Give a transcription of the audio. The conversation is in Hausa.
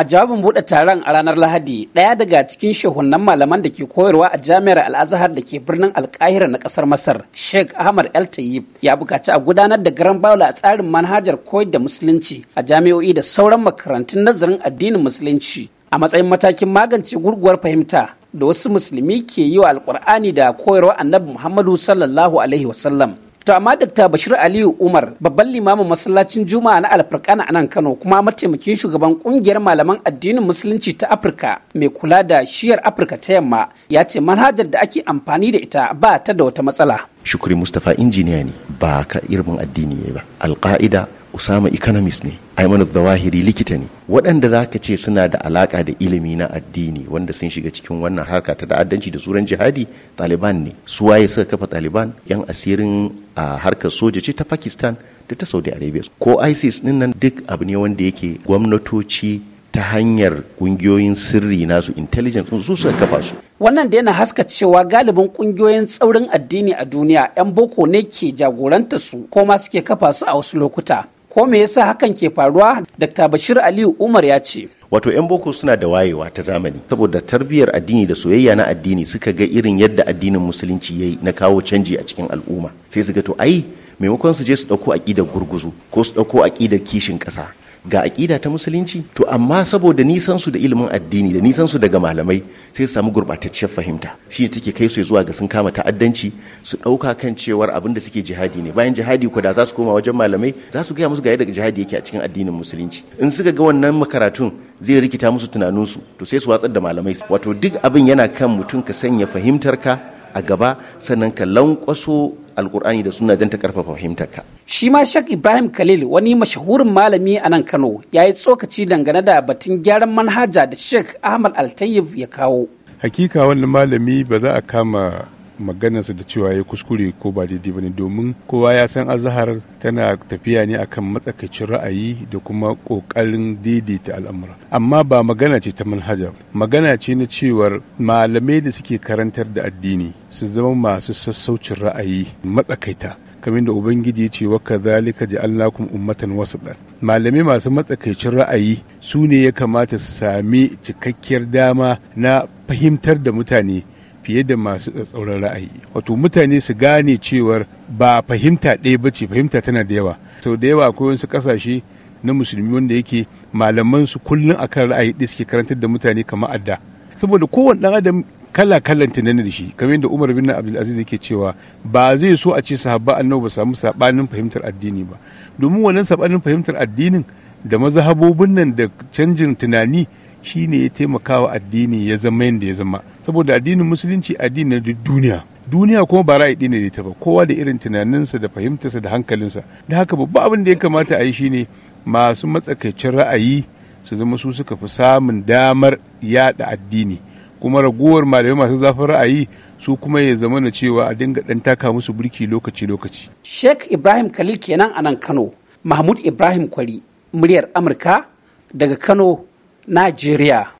A jawabin bude taron a ranar Lahadi, ɗaya daga cikin shehunan malaman da ke koyarwa a jami'ar al da ke birnin Alkahira na ƙasar Masar, Sheikh Ahmad El Tayyib, ya bukaci a gudanar da garan baula a tsarin manhajar koyar da musulunci a jami'o'i da sauran makarantun nazarin addinin musulunci a matsayin matakin magance gurguwar fahimta da wasu musulmi ke yi wa alkur'ani da koyarwa annabi Muhammadu sallallahu alaihi wasallam. To amma Dr. Bashir Aliyu Umar babban limamin masallacin Juma'a na Alfarkana a nan Kano kuma mataimakin shugaban kungiyar malaman addinin musulunci ta Afirka mai kula da shiyar Afirka ta yamma ya ce manhajar da ake amfani da ita ba ta da wata matsala. Shukri Mustapha injiniya ne ba ka irin addini ne ba. Alƙa'ida usama economist ne aiman zawahiri likita ne waɗanda za ka ce suna da alaƙa da ilimi na addini wanda sun shiga cikin wannan harka ta ta'addanci da tsuran jihadi taliban ne su waye suka kafa taliban yan asirin a harkar soja ce ta pakistan da ta saudi arabia ko isis ɗin nan duk abu ne wanda yake gwamnatoci ta hanyar kungiyoyin sirri nasu intelligence su suka kafa su wannan da yana haska cewa galibin ƙungiyoyin tsaurin addini a duniya 'yan boko ne ke jagoranta su ko ma suke kafa su a wasu lokuta ko me yasa hakan ke faruwa dr bashir aliyu umar ya ce wato 'yan boko suna da wayewa ta zamani saboda tarbiyyar addini da soyayya na addini suka ga irin yadda addinin musulunci ya yi na kawo canji a cikin al'umma sai su ga to ai maimakon su je su ɗauko aƙidar gurguzu ko su ɗauko aƙidar kishin ƙasa ga aƙida ta musulunci to amma saboda nisan su da ilimin addini da nisan su daga malamai sai su samu gurɓatacciyar fahimta shi ne take kai su zuwa ga sun kama ta'addanci su ɗauka kan cewar abin da suke jihadi ne bayan jihadi ko da za su koma wajen malamai za su gaya musu ga yadda jihadi yake a cikin addinin musulunci in suka ga wannan makaratun zai rikita musu tunaninsu to sai su watsar da malamai wato duk abin yana kan mutum ka sanya fahimtar ka a gaba sannan ka lankwaso alkur'ani da suna don ta karfafa fahimtarka. Shi ma Shak Ibrahim Khalil wani mashahurin malami a nan Kano ya yi tsokaci dangane da batun gyaran manhaja da shek Ahmad Altayyib ya kawo. Hakika wannan malami ba za a kama maganarsa da cewa ya kuskure ko ba daidai ba ne domin kowa ya san azahar tana tafiya ne akan matsakaicin ra'ayi da kuma ƙoƙarin daidaita al'amura amma ba magana ce ta manhaja magana ce na cewar malamai da suke karantar da addini su zama masu sassaucin ra'ayi matsakaita kamar da ubangiji ce wa kazalika ja'alnakum ummatan wasatan malamai masu matsakaicin ra'ayi su ne ya kamata su sami cikakkiyar dama na fahimtar da mutane fiye da masu tsatsauran ra'ayi wato mutane su gane cewar ba fahimta ɗaya ba ce fahimta tana da yawa sau da yawa akwai wasu ƙasashe na musulmi wanda yake malaman su kullum a kan ra'ayi ɗaya suke karantar da mutane kamar adda saboda kowane ɗan adam kala kalan tunanin da shi kamar yadda Umar bin Abdul aziz yake cewa ba zai so a ce sahabba annabi ba samu sabanin fahimtar addini ba domin wannan sabanin fahimtar addinin da mazhabobin nan da canjin tunani shine ya taimakawa addini ya zama yadda ya zama saboda addinin musulunci addini na duniya duniya kuma ba ra'ayi ne ta ba kowa da irin tunaninsa da fahimtarsa da hankalinsa da haka babba abin da ya kamata a yi shine masu matsakaicin ra'ayi su zama su suka fi samun damar yada addini kuma ragowar malamai masu zafin ra'ayi su kuma ya zama na cewa a dinga dan taka musu burki lokaci lokaci Sheikh Ibrahim Khalil kenan a nan Kano Mahmud Ibrahim Kwari muryar Amurka daga Kano Najeriya